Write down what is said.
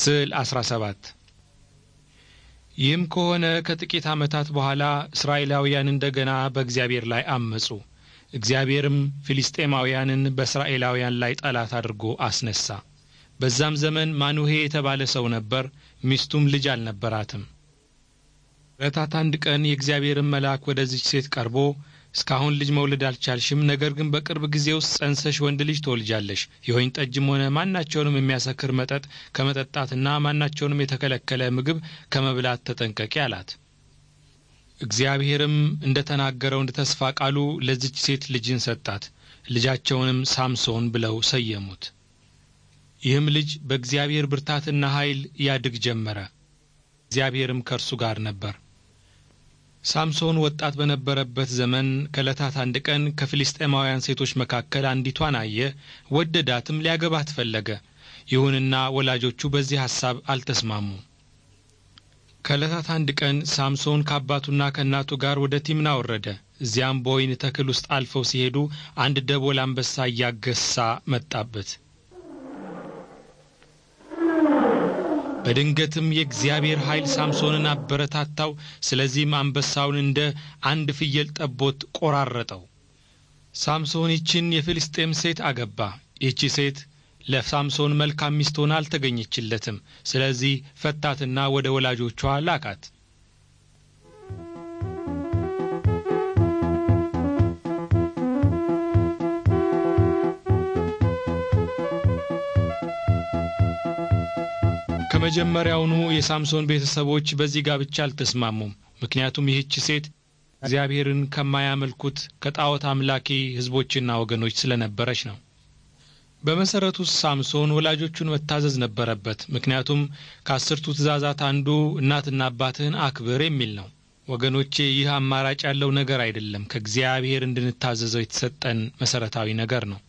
ስዕል 17 ይህም ከሆነ ከጥቂት ዓመታት በኋላ እስራኤላውያን እንደገና በእግዚአብሔር ላይ አመጹ። እግዚአብሔርም ፊልስጤማውያንን በእስራኤላውያን ላይ ጠላት አድርጎ አስነሳ። በዛም ዘመን ማኑሄ የተባለ ሰው ነበር። ሚስቱም ልጅ አልነበራትም። ረታት አንድ ቀን የእግዚአብሔርን መልአክ ወደዚች ሴት ቀርቦ እስካሁን ልጅ መውለድ አልቻልሽም፣ ነገር ግን በቅርብ ጊዜ ውስጥ ጸንሰሽ ወንድ ልጅ ትወልጃለሽ። የወይን ጠጅም ሆነ ማናቸውንም የሚያሰክር መጠጥ ከመጠጣትና ማናቸውንም የተከለከለ ምግብ ከመብላት ተጠንቀቂ አላት። እግዚአብሔርም እንደ ተናገረው እንደ ተስፋ ቃሉ ለዚች ሴት ልጅን ሰጣት። ልጃቸውንም ሳምሶን ብለው ሰየሙት። ይህም ልጅ በእግዚአብሔር ብርታትና ኃይል ያድግ ጀመረ። እግዚአብሔርም ከእርሱ ጋር ነበር። ሳምሶን ወጣት በነበረበት ዘመን ከዕለታት አንድ ቀን ከፊልስጤማውያን ሴቶች መካከል አንዲቷን አየ፣ ወደዳትም፣ ሊያገባት ፈለገ። ይሁንና ወላጆቹ በዚህ ሐሳብ አልተስማሙ። ከዕለታት አንድ ቀን ሳምሶን ከአባቱና ከእናቱ ጋር ወደ ቲምና ወረደ። እዚያም በወይን ተክል ውስጥ አልፈው ሲሄዱ አንድ ደቦል አንበሳ እያገሳ መጣበት። በድንገትም የእግዚአብሔር ኃይል ሳምሶንን አበረታታው። ስለዚህም አንበሳውን እንደ አንድ ፍየል ጠቦት ቆራረጠው። ሳምሶን ይችን የፊልስጤም ሴት አገባ። ይቺ ሴት ለሳምሶን መልካም ሚስት ሆና አልተገኘችለትም። ስለዚህ ፈታትና ወደ ወላጆቿ ላካት። ከመጀመሪያውኑ የሳምሶን ቤተሰቦች በዚህ ጋብቻ አልተስማሙም። ምክንያቱም ይህች ሴት እግዚአብሔርን ከማያመልኩት ከጣዖት አምላኪ ሕዝቦችና ወገኖች ስለነበረች ነው። በመሰረቱ ሳምሶን ወላጆቹን መታዘዝ ነበረበት። ምክንያቱም ከአስርቱ ትእዛዛት አንዱ እናትና አባትህን አክብር የሚል ነው። ወገኖቼ ይህ አማራጭ ያለው ነገር አይደለም። ከእግዚአብሔር እንድንታዘዘው የተሰጠን መሰረታዊ ነገር ነው።